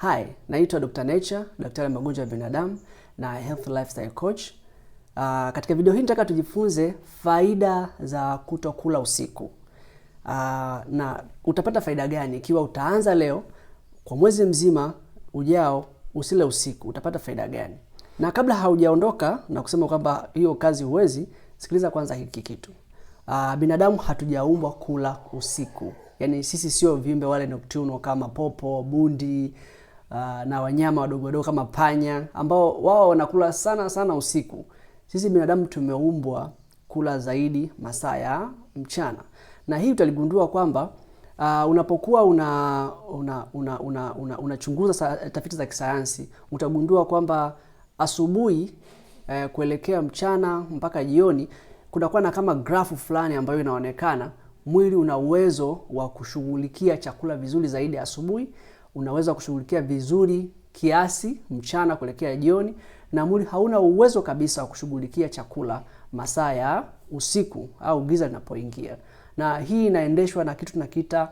Hi, naitwa Dr. Nature, daktari wa magonjwa ya binadamu na health lifestyle coach. Uh, katika video hii nataka tujifunze faida za kutokula usiku. Uh, na utapata faida gani ikiwa utaanza leo kwa mwezi mzima ujao usile usiku, utapata faida gani? Na kabla haujaondoka na kusema kwamba hiyo kazi huwezi, sikiliza kwanza hiki kitu. Uh, binadamu hatujaumbwa kula usiku. Yaani sisi sio viumbe wale nocturnal kama popo, bundi uh, na wanyama wadogo wadogo kama panya ambao wao wanakula sana sana usiku. Sisi binadamu tumeumbwa kula zaidi masaa ya mchana, na hii utaligundua kwamba uh, unapokuwa una unachunguza una, una, una, una tafiti za kisayansi utagundua kwamba asubuhi eh, kuelekea mchana mpaka jioni kunakuwa na kama grafu fulani ambayo inaonekana mwili una uwezo wa kushughulikia chakula vizuri zaidi asubuhi unaweza kushughulikia vizuri kiasi mchana kuelekea jioni, na mwili hauna uwezo kabisa wa kushughulikia chakula masaa ya usiku au giza linapoingia. Na hii inaendeshwa na kitu tunakiita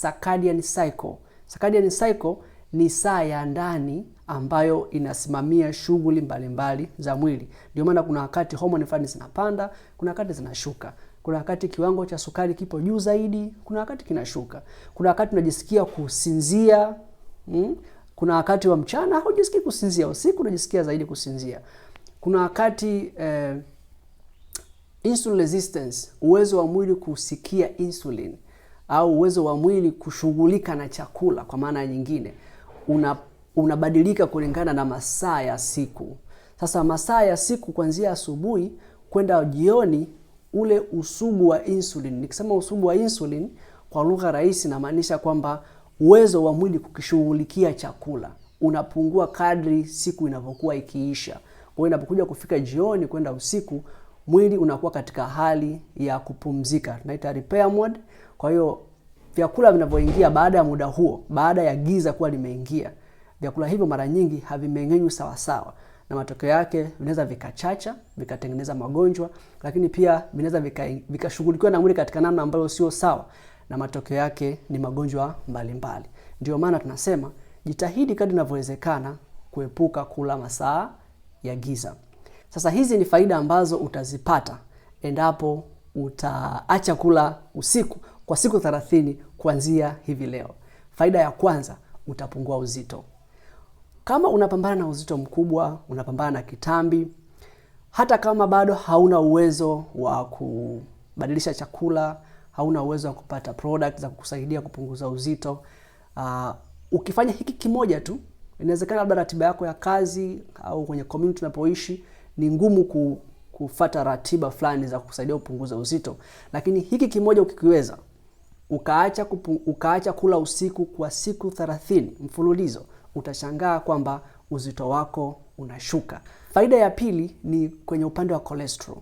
circadian cycle. Circadian cycle ni saa ya ndani ambayo inasimamia shughuli mbalimbali za mwili. Ndio maana kuna wakati homoni fulani zinapanda, kuna wakati zinashuka. Kuna wakati kiwango cha sukari kipo juu zaidi, kuna wakati kinashuka, kuna wakati unajisikia kusinzia mm? Kuna wakati wa mchana haujisikii kusinzia, usiku unajisikia zaidi kusinzia. Kuna wakati eh, insulin resistance, uwezo wa mwili kusikia insulin au uwezo wa mwili kushughulika na chakula kwa maana nyingine una unabadilika kulingana na masaa ya siku. Sasa masaa ya siku kuanzia asubuhi kwenda jioni ule usugu wa insulin. Nikisema usugu wa insulin kwa lugha rahisi, namaanisha kwamba uwezo wa mwili kukishughulikia chakula unapungua kadri siku inavyokuwa ikiisha. Kwa hiyo inapokuja kufika jioni kwenda usiku, mwili unakuwa katika hali ya kupumzika, tunaita repair mode. Kwa hiyo vyakula vinavyoingia baada ya muda huo, baada ya giza kuwa limeingia, vyakula hivyo mara nyingi havimeng'enywi sawasawa na matokeo yake vinaweza vikachacha vikatengeneza magonjwa, lakini pia vinaweza vikashughulikiwa vika na mwili katika namna ambayo sio sawa, na matokeo yake ni magonjwa mbalimbali. Ndio maana tunasema jitahidi kadri inavyowezekana kuepuka kula masaa ya giza. Sasa hizi ni faida ambazo utazipata endapo utaacha kula usiku kwa siku 30 kuanzia hivi leo. Faida ya kwanza, utapungua uzito. Kama unapambana na uzito mkubwa, unapambana na kitambi, hata kama bado hauna uwezo wa kubadilisha chakula, hauna uwezo wa kupata product za kukusaidia kupunguza uzito, uh, ukifanya hiki kimoja tu, inawezekana labda ratiba yako ya kazi au kwenye community unapoishi ni ngumu ku, kufata ratiba fulani za kukusaidia kupunguza uzito, lakini hiki kimoja ukikiweza ukaacha, kupu, ukaacha kula usiku kwa siku 30 mfululizo utashangaa kwamba uzito wako unashuka. Faida ya pili ni kwenye upande wa cholesterol.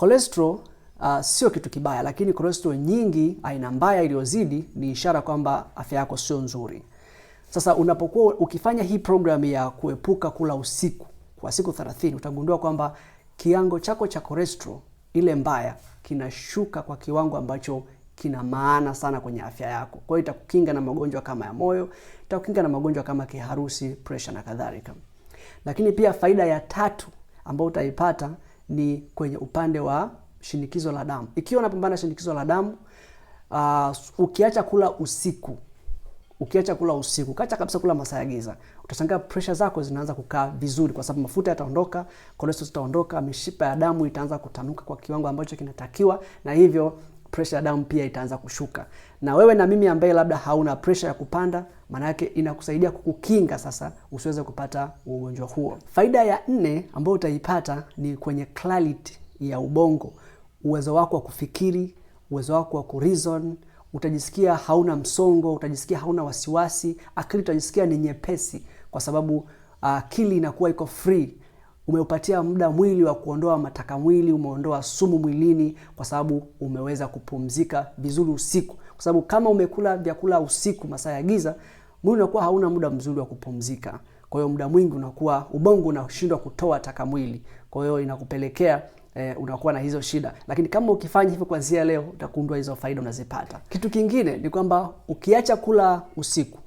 Cholesterol uh, sio kitu kibaya, lakini cholesterol nyingi aina mbaya iliyozidi ni ishara kwamba afya yako sio nzuri. Sasa unapokuwa ukifanya hii programu ya kuepuka kula usiku kwa siku 30 utagundua kwamba kiango chako cha cholesterol ile mbaya kinashuka kwa kiwango ambacho kina maana sana kwenye afya yako. Kwa hiyo itakukinga na magonjwa kama ya moyo, itakukinga na magonjwa kama kiharusi, pressure na kadhalika. Lakini pia faida ya tatu ambayo utaipata ni kwenye upande wa shinikizo la damu. Ikiwa unapambana shinikizo la damu, uh, ukiacha kula usiku, ukiacha kula usiku, kacha kabisa kula masaa ya giza, utashangaa pressure zako zinaanza kukaa vizuri, kwa sababu mafuta yataondoka, cholesterol zitaondoka, mishipa ya damu itaanza kutanuka kwa kiwango ambacho kinatakiwa, na hivyo pressure ya damu pia itaanza kushuka. Na wewe na mimi ambaye labda hauna pressure ya kupanda, maana yake inakusaidia kukukinga sasa usiweze kupata ugonjwa huo. Faida ya nne ambayo utaipata ni kwenye clarity ya ubongo, uwezo wako wa kufikiri, uwezo wako wa kureason utajisikia hauna msongo, utajisikia hauna wasiwasi, akili utajisikia ni nyepesi, kwa sababu ah, akili uh, inakuwa iko free umeupatia muda mwili wa kuondoa mataka mwili, umeondoa sumu mwilini, kwa sababu umeweza kupumzika vizuri usiku, kwa sababu kama umekula vyakula usiku, masaa ya giza, mwili unakuwa hauna muda mzuri wa kupumzika. Kwa hiyo muda mwingi unakuwa ubongo unashindwa kutoa taka mwili, kwa hiyo inakupelekea eh, unakuwa na hizo shida. Lakini kama ukifanya hivyo kwanzia leo, utakundua hizo faida unazipata. Kitu kingine ni kwamba ukiacha kula usiku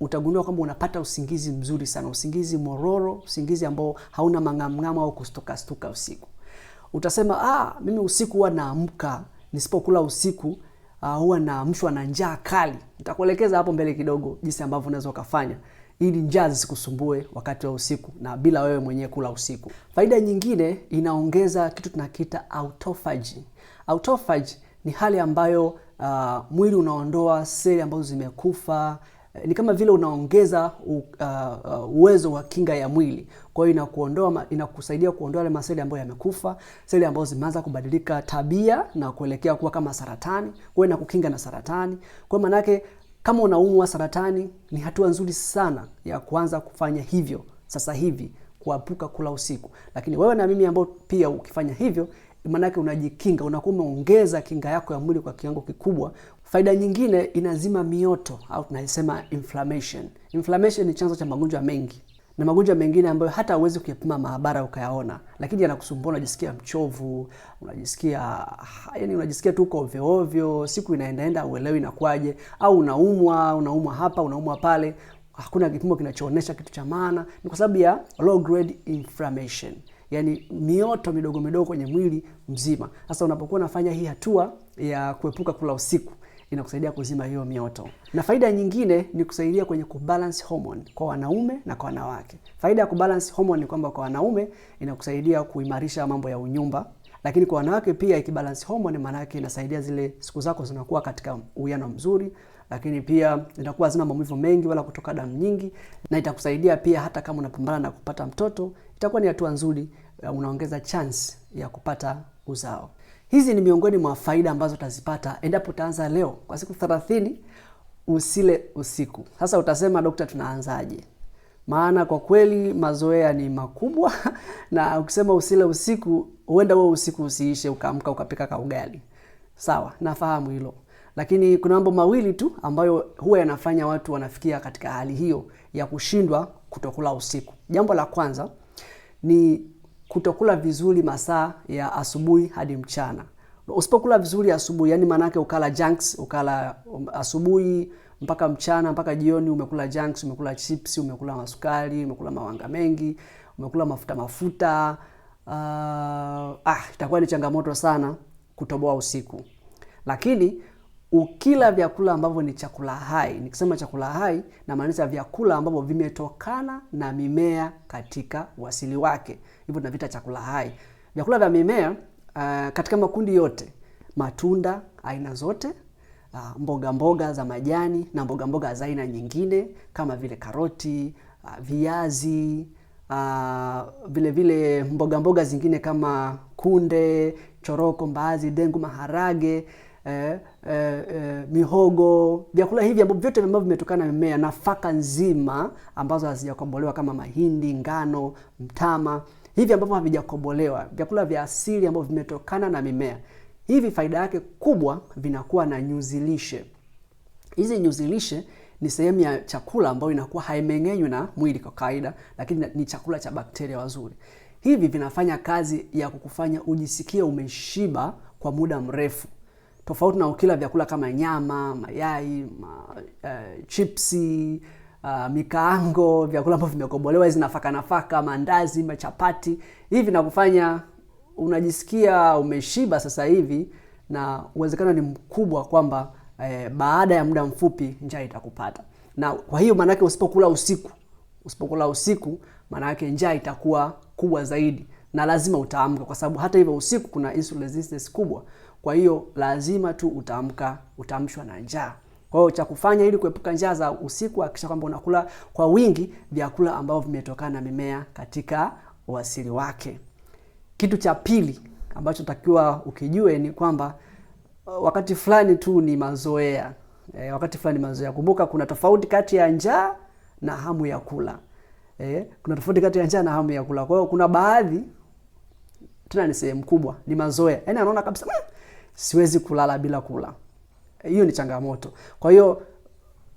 utagundua kwamba unapata usingizi mzuri sana, usingizi mororo, usingizi ambao hauna mang'amng'amo au kustukastuka usiku. Utasema ah, mimi usiku huwa naamka, nisipokula usiku uh, huwa naamshwa na njaa kali. Nitakuelekeza hapo mbele kidogo jinsi ambavyo unaweza ukafanya ili njaa zisikusumbue wakati wa usiku na bila wewe mwenyewe kula usiku. Faida nyingine, inaongeza kitu tunakiita autophagy. Autophagy ni hali ambayo uh, mwili unaondoa seli ambazo zimekufa Eh, ni kama vile unaongeza uwezo uh, uh, uwezo wa kinga ya mwili. Kwa hiyo inakuondoa, inakusaidia kuondoa yale maseli ambayo yamekufa, seli ambazo zimeanza kubadilika tabia na kuelekea kuwa kama saratani, kwa hiyo inakukinga na saratani. Kwa maana yake kama unaumwa saratani, ni hatua nzuri sana ya kuanza kufanya hivyo sasa hivi kuepuka kula usiku. Lakini wewe na mimi ambao pia ukifanya hivyo, maanake unajikinga, unakuwa umeongeza kinga yako ya mwili kwa kiwango kikubwa. Faida nyingine, inazima mioto au tunasema inflammation. Inflammation ni chanzo cha magonjwa mengi na magonjwa mengine ambayo hata huwezi kuyapima maabara ukayaona, lakini yanakusumbua. Unajisikia mchovu, unajisikia yani, unajisikia tu uko ovyo ovyo, siku inaendaenda, uelewi inakuwaje, au unaumwa, unaumwa hapa, unaumwa pale hakuna kipimo kinachoonyesha kitu cha maana, ni kwa sababu ya low grade inflammation, yaani mioto midogo midogo kwenye mwili mzima. Sasa unapokuwa unafanya hii hatua ya kuepuka kula usiku inakusaidia kuzima hiyo mioto. Na faida nyingine ni kusaidia kwenye kubalance hormone kwa wanaume na kwa wanawake. Faida ya kubalance hormone ni kwamba kwa wanaume inakusaidia kuimarisha mambo ya unyumba, lakini kwa wanawake pia ikibalance hormone maana inasaidia zile siku zako zinakuwa katika uwiano mzuri lakini pia zitakuwa hazina maumivu mengi wala kutoka damu nyingi, na itakusaidia pia hata kama unapambana na kupata mtoto, itakuwa ni hatua nzuri, eh, unaongeza chance ya kupata uzao. Hizi ni miongoni mwa faida ambazo utazipata endapo utaanza leo kwa siku 30 usile usiku. Sasa utasema dokta, tunaanzaje? Maana kwa kweli mazoea ni makubwa na ukisema usile usiku, huenda wewe usiku usiishe, ukaamka ukapika kaugali. Sawa, nafahamu hilo. Lakini kuna mambo mawili tu ambayo huwa yanafanya watu wanafikia katika hali hiyo ya kushindwa kutokula usiku. Jambo la kwanza ni kutokula vizuri masaa ya asubuhi hadi mchana. Usipokula vizuri asubuhi, yani maanaake ukala junks, ukala um, asubuhi mpaka mchana mpaka jioni, umekula junks, umekula chips, umekula masukari, umekula mawanga mengi, umekula mafuta mafuta, uh, ah, itakuwa ni changamoto sana kutoboa usiku. Lakini ukila vyakula ambavyo ni chakula hai. Nikisema chakula hai, namaanisha vyakula ambavyo vimetokana na mimea katika uasili wake, hivyo tunavita chakula hai. Vyakula vya mimea uh, katika makundi yote, matunda aina zote uh, mboga mboga za majani na mboga mboga za aina nyingine kama vile karoti uh, viazi uh, vile vile mboga mboga zingine kama kunde, choroko, mbaazi, dengu, maharage eh, eh, eh, mihogo, vyakula hivi ambavyo vyote ambavyo vimetokana na mimea, nafaka nzima ambazo hazijakombolewa kama mahindi, ngano, mtama, hivi ambavyo havijakombolewa, vyakula vya asili ambavyo vimetokana na mimea, hivi faida yake kubwa, vinakuwa na nyuzi lishe. Hizi nyuzi lishe ni sehemu ya chakula ambayo inakuwa haimeng'enywi na mwili kwa kawaida, lakini ni chakula cha bakteria wazuri. Hivi vinafanya kazi ya kukufanya ujisikie umeshiba kwa muda mrefu tofauti na ukila vyakula kama nyama, mayai, ma, uh, chipsi Uh, mikaango, vyakula ambavyo vimekobolewa, hizi nafaka nafaka, mandazi, machapati, hivi nakufanya unajisikia umeshiba sasa hivi, na uwezekano ni mkubwa kwamba eh, baada ya muda mfupi njaa itakupata. Na kwa hiyo maanake, usipokula usiku, usipokula usiku, maanake njaa itakuwa kubwa zaidi, na lazima utaamka, kwa sababu hata hivyo usiku kuna insulin resistance kubwa. Kwa hiyo lazima tu utaamka, utaamshwa na njaa. Kwa hiyo cha kufanya ili kuepuka njaa za usiku, hakikisha kwamba unakula kwa wingi vyakula ambavyo vimetokana na mimea katika uasili wake. Kitu cha pili ambacho takiwa ukijue ni kwamba uh, wakati fulani tu ni mazoea e, wakati fulani ni mazoea. Kumbuka kuna tofauti kati ya njaa na hamu ya kula e, kuna tofauti kati ya njaa na hamu ya kula. Kwa hiyo kuna baadhi tena, ni sehemu kubwa, ni mazoea, yaani anaona kabisa hmm, siwezi kulala bila kula. Hiyo ni changamoto. Kwa hiyo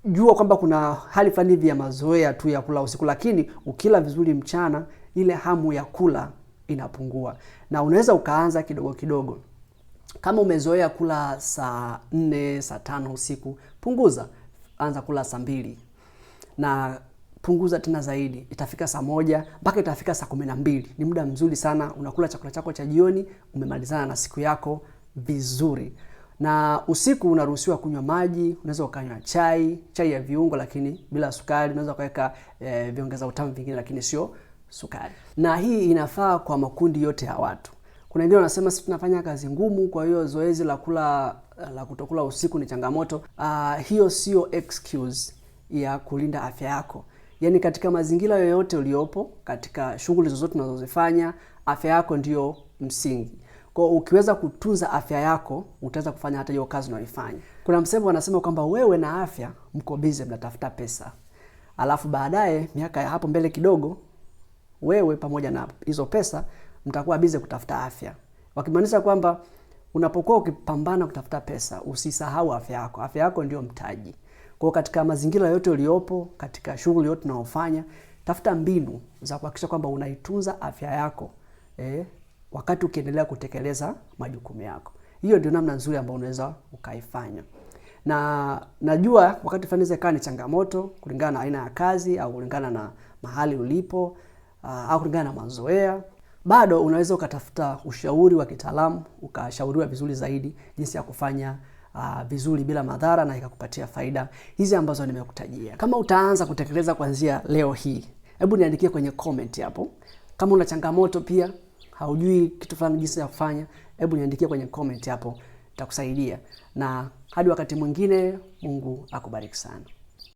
jua kwamba kuna hali fulani hivi ya mazoea tu ya kula usiku, lakini ukila vizuri mchana, ile hamu ya kula inapungua, na unaweza ukaanza kidogo kidogo. Kama umezoea kula saa nne, saa tano usiku, punguza, anza kula saa mbili na punguza tena zaidi, itafika saa moja mpaka itafika saa kumi na mbili. Ni muda mzuri sana, unakula chakula chako cha jioni, umemalizana na siku yako vizuri. Na usiku unaruhusiwa kunywa maji, unaweza ukanywa chai, chai ya viungo lakini bila sukari, unaweza ukaweka e, eh, viongeza utamu vingine lakini sio sukari. Na hii inafaa kwa makundi yote ya watu. Kuna wengine wanasema sisi tunafanya kazi ngumu, kwa hiyo zoezi la kula la kutokula usiku ni changamoto. Uh, hiyo sio excuse ya kulinda afya yako. Yaani katika mazingira yoyote uliopo, katika shughuli zozote unazozifanya, afya yako ndiyo msingi. Kwa ukiweza kutunza afya yako utaweza kufanya hata hiyo kazi unayoifanya. Kuna msemo wanasema kwamba wewe na afya mko busy mnatafuta pesa, alafu baadaye miaka ya hapo mbele kidogo, wewe pamoja na hizo pesa mtakuwa busy kutafuta afya, wakimaanisha kwamba unapokuwa ukipambana kutafuta pesa usisahau afya yako. Afya yako ndio mtaji. Kwa katika mazingira yote uliopo, katika shughuli yote unaofanya, tafuta mbinu za kuhakikisha kwamba unaitunza afya yako eh wakati ukiendelea kutekeleza majukumu yako. Hiyo ndio namna nzuri ambayo unaweza ukaifanya. Na najua wakati fulani inaweza ikawa ni changamoto kulingana na aina ya kazi au kulingana na mahali ulipo ah, au kulingana na mazoea. Bado unaweza ukatafuta ushauri wa kitaalamu, ukashauriwa vizuri zaidi jinsi ya kufanya Uh, vizuri bila madhara na ikakupatia faida hizi ambazo nimekutajia. Kama utaanza kutekeleza kuanzia leo hii, hebu niandikie kwenye comment hapo kama una changamoto pia haujui kitu fulani jinsi ya kufanya, hebu niandikia kwenye comment hapo, nitakusaidia. Na hadi wakati mwingine, Mungu akubariki sana.